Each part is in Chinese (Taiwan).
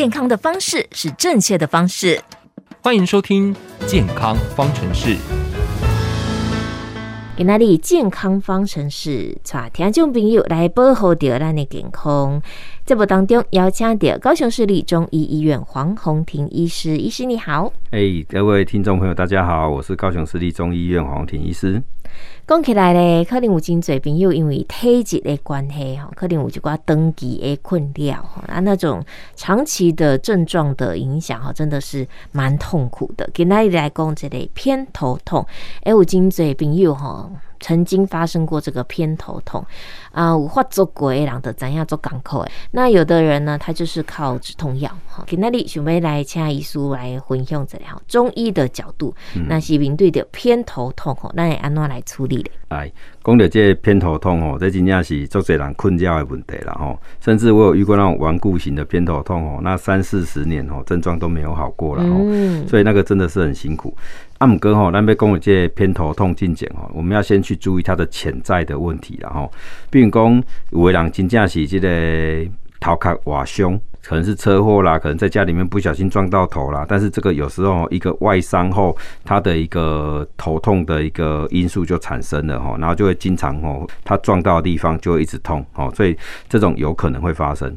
健康的方式是正確的方式。歡迎收聽《健康方程式》，給那裡健康方程式，帶聽眾朋友來保護掉咱的健康。這波當中，邀請到高雄市立中醫醫院黃宏庭醫師。醫師你好，哎、hey，各位聽眾朋友，大家好，我是高雄市立中醫院黃宏庭醫師。講起來呢，可能有真濟朋友因為體質的關係哈，可能有一寡長期的困擾哈，啊那種長期的症狀的影響哈，真的是蠻痛苦的。今仔日來講這類偏頭痛，哎，有真濟朋友吼，曾經發生過這個偏頭痛啊，我、呃、發作過的人，就知道做港口？那有的人呢，他就是靠止痛藥哈。今天哩準備來請醫師來分享一下中醫的角度，那是面對的偏頭痛吼，那安怎來處理的、嗯講到這偏頭痛哦，這真的是足多人困擾的問題了吼。甚至我有遇過那種頑固型的偏頭痛哦，那三四十年哦，症狀都沒有好過了，嗯，所以那個真的是很辛苦。啊毋過吼，咱要講到這偏頭痛進前哦，我們要先去注意它的潛在的問題了吼，比如講有的人真正是即、這個。逃卡瓦胸，可能是車禍啦，可能在家裡面不小心撞到頭啦。但是這個有時候一個外傷後，他的一個頭痛的一個因素就產生了哦，然後就會經常哦，他撞到的地方就會一直痛哦，所以這種有可能會發生。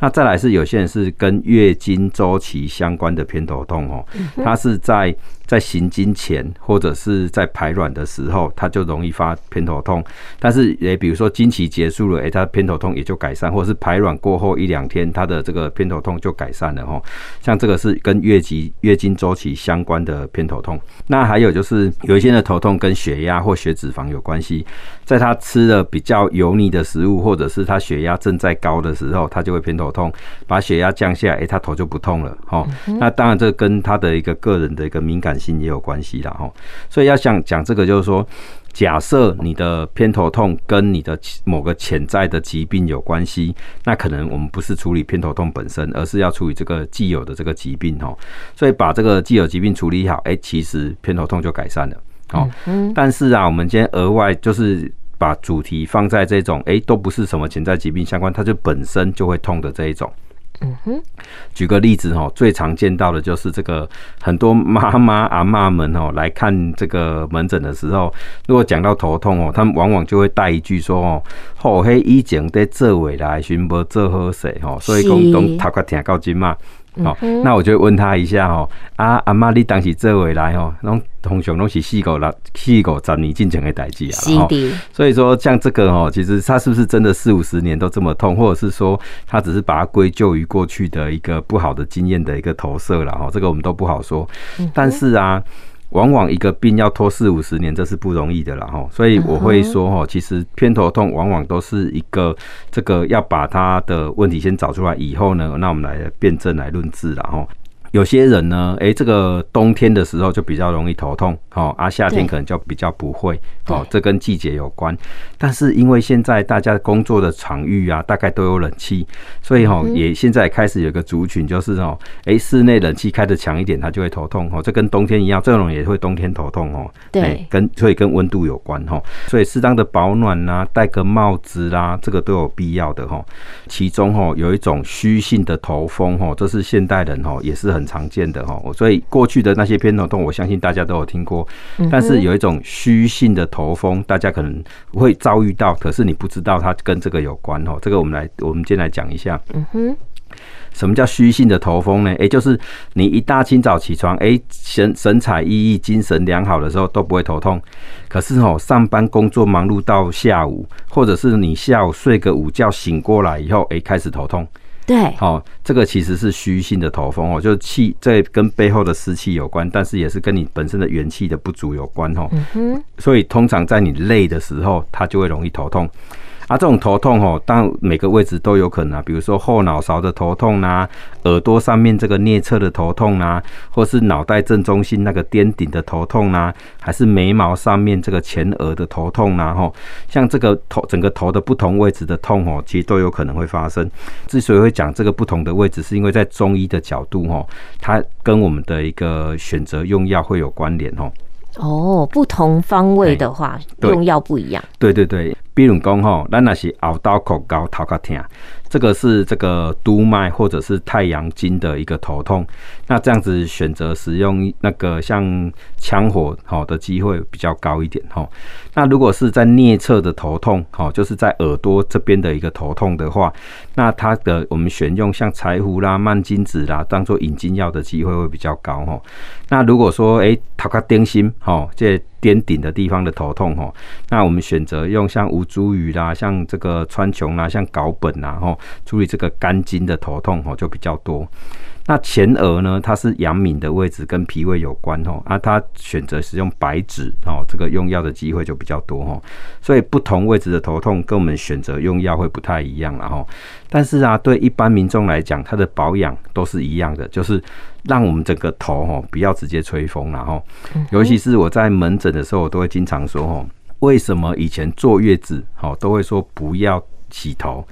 那再來是有些人是跟月經週期相關的偏頭痛哦、喔，他是在在行經前或者是在排卵的時候，他就容易發偏頭痛。但是誒，比如說經期結束了，誒，他偏頭痛也就改善，或者是排卵過後一兩天，他的這個偏頭痛就改善了哦、喔，像這個是跟月經月經週期相關的偏頭痛。那還有就是有一些人的頭痛跟血壓或血脂肪有關係，在他吃了比較油膩的食物，或者是他血壓正在高的時候，他就會偏頭。痛，把血壓降下來，誒、欸，他頭就不痛了，哦，嗯、那當然，這跟他的一個個人的一個敏感性也有關係啦，哦，所以要想講這個，就是說，假設你的偏頭痛跟你的某個潛在的疾病有關係，那可能我們不是處理偏頭痛本身，而是要處理這個既有的這個疾病，哦，所以把這個既有疾病處理好，誒、欸，其實偏頭痛就改善了，哦，嗯、但是啊，我們今天額外就是。把主題放在這種，誒、欸，都不是什麼潛在疾病相關，它就本身就會痛的這一種。嗯哼，舉個例子哈，最常見到的就是這個，很多媽媽阿嬤們吼來看這個門診的時候，如果講到頭痛哦，他們往往就會帶一句說哦，後黑以前在這位來，尋無做好事吼，所以講頭殼痛，到今嘛。好，哦，那我就問他一下哦，啊阿媽，你當時這回來哦，那通常都是四狗六狗個十年進的代志啊。是的，所以說像這個哦，其實他是不是真的四五十年都這麼痛，或者是說他只是把它歸咎於過去的一個不好的經驗的一個投射了哈？這個我們都不好說。但是啊。往往一個病要拖四五十年，這是不容易的了哈。所以我會說哈，其實偏頭痛往往都是一個這個要把他的問題先找出來以後呢，那我們來辨證來論治了哈。有些人呢，誒，這個冬天的時候就比較容易頭痛，哦，啊，夏天可能就比較不會，哦，這跟季節有關。但是因為現在大家工作的場域啊，大概都有冷氣，所以哈、哦嗯，也現在也開始有一個族群，就是哦，誒，室內冷氣開得強一點，他就會頭痛，哦，這跟冬天一樣，這種也會冬天頭痛，哦，對，跟所以跟溫度有關，哈，所以適當的保暖啊，戴個帽子啦、啊，這個都有必要的，哈。其中，哈，有一種虛性的頭風，哈，這是現代人，哈，也是很。很常見的，哈，所以過去的那些偏頭痛，我相信大家都有聽過。嗯、但是有一種虛性的頭風，大家可能會遭遇到，可是你不知道它跟這個有關哦。這個我們來，我們先來講一下，嗯哼，什麼叫虛性的頭風呢？哎、欸，就是你一大清早起床，誒、欸，神神采奕奕、精神良好的時候都不會頭痛，可是哦、喔，上班工作忙碌到下午，或者是你下午睡個午覺醒過來以後，誒、欸，開始頭痛。對，好、哦，這個其實是虛性的頭風哦，就是氣在跟背後的濕氣有關，但是也是跟你本身的元氣的不足有關哦、嗯，所以通常在你累的時候，它就會容易頭痛。啊，這種頭痛吼，當每個位置都有可能、啊，比如說後腦勺的頭痛吶、啊，耳朵上面這個顳側的頭痛吶、啊，或是腦袋正中心那個巔頂的頭痛吶、啊，還是眉毛上面這個前額的頭痛吶，吼，像這個頭整個頭的不同位置的痛吼，其實都有可能會發生。之所以會講這個不同的位置，是因為在中醫的角度吼，它跟我們的一個選擇用藥會有關聯吼。哦、oh，不同方位的話，用藥不一樣。對對，對對，比如講吼，咱那是熬刀口高、頭疼，這個是這個督脈或者是太陽經的一個頭痛。那這樣子選擇使用那個像羌活好的機會比較高一點吼。那如果是在顳側的頭痛，吼，就是在耳朵這邊的一個頭痛的話。那它的我們選用像柴胡啦、蔓荊子啦，當做引經藥的機會會比較高吼。那如果說誒、欸、頭殼頂心吼，這顛、個、頂的地方的頭痛吼，那我們選擇用像吳茱萸啦、像這個川芎啦、像藁本啦，吼，處理這個肝經的頭痛吼就比較多。那前額呢？它是陽明的位置，跟脾胃有關哦。那、啊、它選擇使用白芷哦、喔，這個用藥的機會就比較多哈、喔。所以不同位置的頭痛，跟我們選擇用藥會不太一樣了哈、喔。但是啊，對一般民眾來講，它的保養都是一樣的，就是讓我們整個頭哈、喔、不要直接吹風，然、喔、後、嗯，尤其是我在門診的時候，我都會經常說哈，為什麼以前坐月子好、喔、都會說不要洗頭？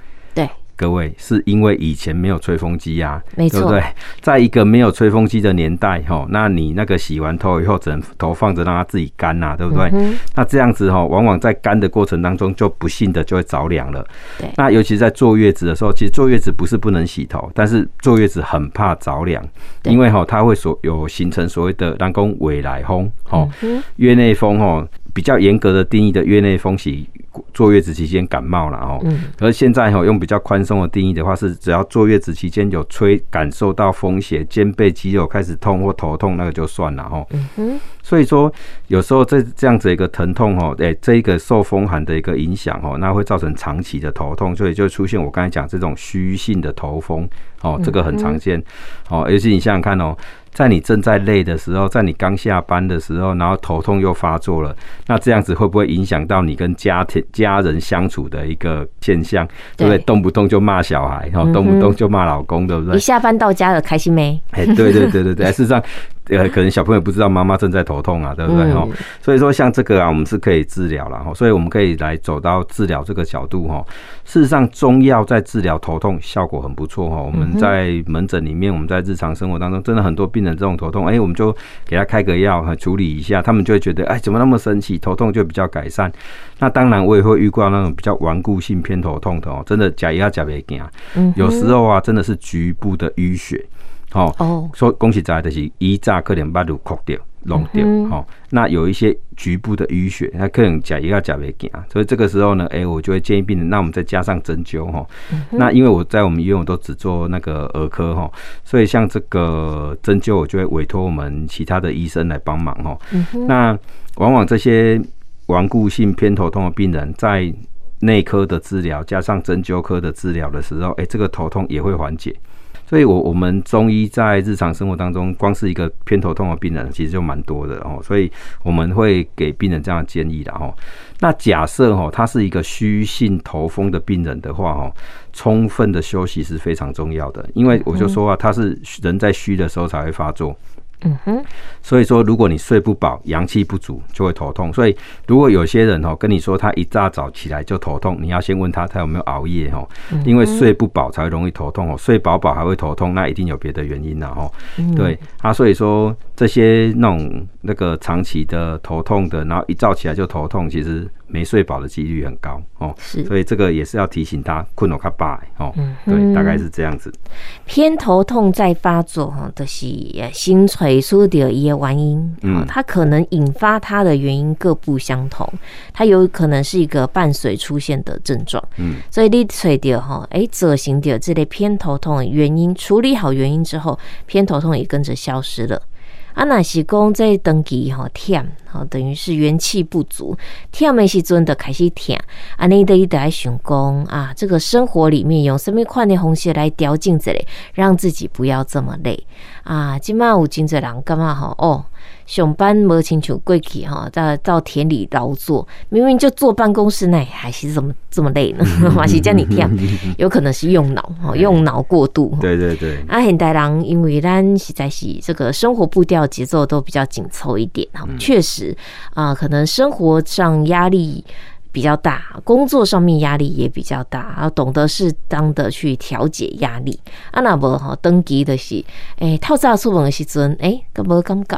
各位是因為以前沒有吹風機呀、啊，沒錯，對不對？在一個沒有吹風機的年代，吼，那你那個洗完頭以後，枕頭放着讓它自己乾吶、啊，對不對？嗯、那這樣子吼，往往在乾的過程當中，就不幸的就會着涼了。對，那尤其在坐月子的時候，其實坐月子不是不能洗頭，但是坐月子很怕着涼，因為吼它會所有形成所謂的“人工未來風”吼、嗯哦，月內風吼，比較嚴格的定義的月內風洗。坐月子期間感冒了哦，嗯，而現在、喔、用比較寬鬆的定義的話，是只要坐月子期間有吹感受到風邪，肩背肌肉開始痛或頭痛，那個就算了吼。嗯哼，所以說有時候這這樣子一個疼痛吼，誒，這一個受風寒的一個影響吼，那會造成長期的頭痛，所以就出現我剛才講這種虛性的頭風哦，這個很常見哦，尤其你想想看哦、喔。在你正在累的時候，在你剛下班的時候，然後頭痛又發作了，那這樣子會不會影響到你跟家庭家人相處的一個現象對？對不對？動不動就罵小孩，然、嗯、後動不動就罵老公，對不對？你下班到家了，開心沒？哎、欸，對對對對對，是這樣。 呃，可能小朋友不知道媽媽正在頭痛啊，對不對？吼、嗯，所以說像這個啊，我們是可以治療了吼，所以我們可以來走到治療這個角度吼。事實上，中藥在治療頭痛效果很不錯哈。我們在門診裡面，我們在日常生活當中，真的很多病人這種頭痛，哎，我們就給他開個藥，處理一下，他們就會覺得哎，怎麼那麼神奇，頭痛就比較改善。那當然，我也會遇過那種比較頑固性偏頭痛的哦，真的假牙假別驚。嗯，有時候啊，真的是局部的淤血。哦，說恭喜大家就是一，嗯就是，炸可能把路 c 掉弄掉，嗯，哦，那有一些局部的淤血。那可能假一下假未行啊，所以這個時候呢，誒，我就會建議病人，那我們再加上針灸，哈，哦嗯，那因為我在我們醫院我都只做那個兒科，哈，哦，所以像這個針灸我就會委托我們其他的醫生來幫忙，哦，嗯，那往往這些頑固性偏頭痛的病人在內科的治療加上針灸科的治療的時候，誒，這個頭痛也會緩解。所以我，我我們中醫在日常生活當中，光是一個偏頭痛的病人，其實就蠻多的哦。所以，我們會給病人這樣建議的哦。那假設哦，他是一個虛性頭風的病人的話哦，充分的休息是非常重要的，因為我就說啊，他是人在虛的時候才會發作。嗯哼，所以說，如果你睡不飽，陽氣不足，就會頭痛。所以，如果有些人哦、喔、跟你說他一大早起來就頭痛，你要先問他他有沒有熬夜哦、喔嗯，因為睡不飽才會容易頭痛哦、喔，睡飽飽還會頭痛，那一定有別的原因了吼、喔。對，他、嗯啊、所以說這些那種那個長期的頭痛的，然後一早起來就頭痛，其實。沒睡飽的幾率很高哦，是，所以這個也是要提醒他，困了，他拜哦、嗯，對，大概是這樣子。嗯、偏頭痛再發作哈，就是新垂說的葉原因、嗯，它可能引發它的原因各不相同，它有可能是一個伴隨出現的症狀、嗯，所以你垂的，哈、欸，哎，找尋掉這類偏頭痛的原因，處理好原因之後，偏頭痛也跟着消失了。啊，若是講這個長期吼、哦，忝，吼、哦，等於是元氣不足，忝的時陣就開始忝，啊，你得一直想講啊，這個生活裡面用什麼款的方式來調整一下，讓自己不要這麼累啊。即嘛有真濟人感覺吼，哦？上班無親像過去哈，在稻田裡勞作，明明就坐辦公室內，還是怎麼這麼累呢？還 是叫你跳？有可能是用腦哈，用腦過度，哎。對對對。啊，現代人因為咱實在是這個生活步調節奏都比較緊湊一點哈，確實啊，呃，可能生活上壓力比較大，工作上面壓力也比較大，要懂得適當的去調節壓力。啊，那無哈登級的，就是，哎，欸，透早出門的時陣，欸，都噶無感覺。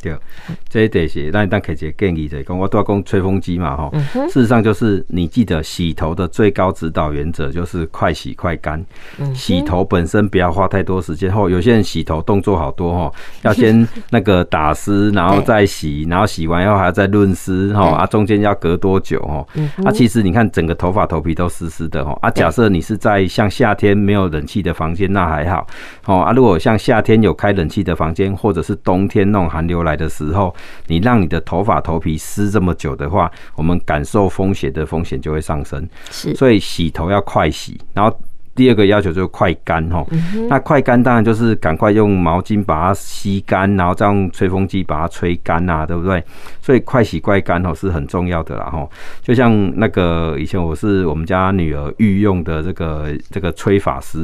對，這，就是，你一些，那你但可以建議者，就，講，是，我都要講吹風機嘛，嗯、事實上，就是你記得洗頭的最高指導原則就是快洗快乾。嗯，洗頭本身不要花太多時間。後，嗯哦，有些人洗頭動作好多要先那個打濕，然後再洗， 然後洗，然後洗完以後還要再潤濕啊，中間要隔多久啊，其實你看整個頭髮頭皮都濕濕的啊。假設你是在像夏天沒有冷氣的房間，那還好哦啊。如果像夏天有開冷氣的房間，或者是冬天弄寒流來。來的時候，你讓你的頭髮頭皮濕這麼久的話，我們感受風邪的風險就會上升。是，所以洗頭要快洗，然後。第二個要求就是快乾哦、嗯。那快乾當然就是趕快用毛巾把它吸乾，然後再用吹風機把它吹乾啊，對不對？所以快洗快乾哦是很重要的啦吼。就像那個以前我是我們家女兒御用的這個這個吹髮師，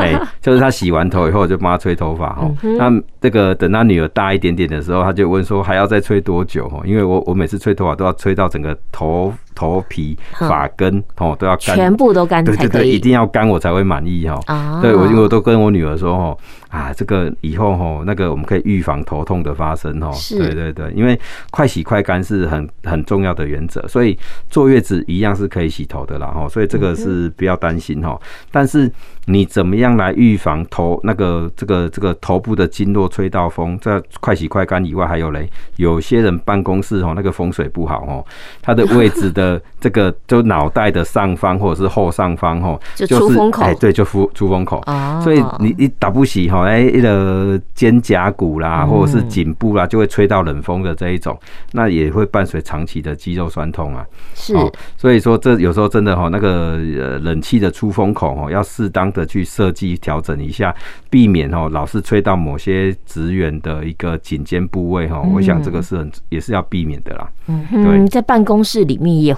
哎、嗯，就是她洗完頭以後我就幫她吹頭髮吼、嗯。那這個等她女兒大一點點的時候，她就問說還要再吹多久吼？因為我我每次吹頭髮都要吹到整個頭。頭皮、髮根哦都要乾，全部都乾才可以，對對對，一定要乾我才會滿意哈、啊。對，我我都跟我女兒說哦，啊，這個以後哈，那個我們可以預防頭痛的發生哦。對對對，因為快洗快乾是很很重要的原則，所以坐月子一樣是可以洗頭的啦。哈。所以這個是不要擔心哈、嗯。但是你怎麼樣來預防頭那個這個這個頭部的經絡吹到風，在快洗快乾以外，還有嘞，有些人辦公室哈那個風水不好哈，他的位置的。 這個就腦袋的上方或者是後上方哈、就是，就出風口哎，對，就出出風口、oh. 所以你你打不洗哈，哎，一個肩胛骨啦，mm -hmm. 或者是頸部啦，就會吹到冷風的這一種，那也會伴隨長期的肌肉痠痛啊。是，哦、所以說這有時候真的哈、哦，那個冷氣的出風口哈、哦，要適當的去設計調整一下，避免哈、哦、老是吹到某些職員的一個頸肩部位哈、哦。Mm -hmm. 我想這個是很也是要避免的啦。嗯、mm -hmm.，對，你在辦公室裡面也。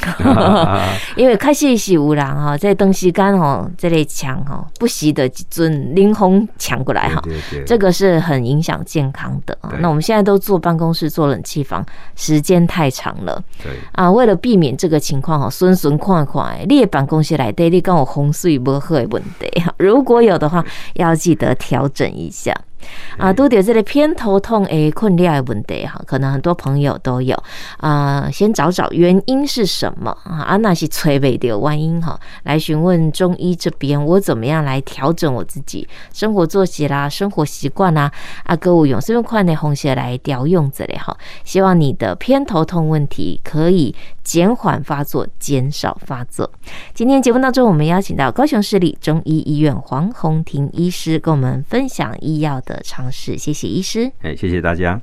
因為開始是有人哈，在東西間哦，這類牆哈，不時的准冷風搶過來哈，這個是很影響健康的。那我們現在都坐辦公室，坐冷氣房時間太長了。啊，為了避免這個情況哈，鬆鬆快快，你的辦公室來對，你跟我風水不會問題。如果有的話，要記得調整一下。啊，都得這類偏頭痛誒，困擾的問題，哈，可能很多朋友都有啊、呃。先找找原因是什麼啊？啊，那是找不到原因哈？來詢問中醫這邊，我怎麼樣來調整我自己生活作息啦、生活習慣啦。啊，閣有用什麼款的方式來調用這類哈？希望你的偏頭痛問題可以。減緩發作，減少發作。今天節目當中，我們邀請到高雄市立中醫醫院黃宏庭醫師，跟我們分享醫藥的常識。謝謝醫師，哎，謝謝大家。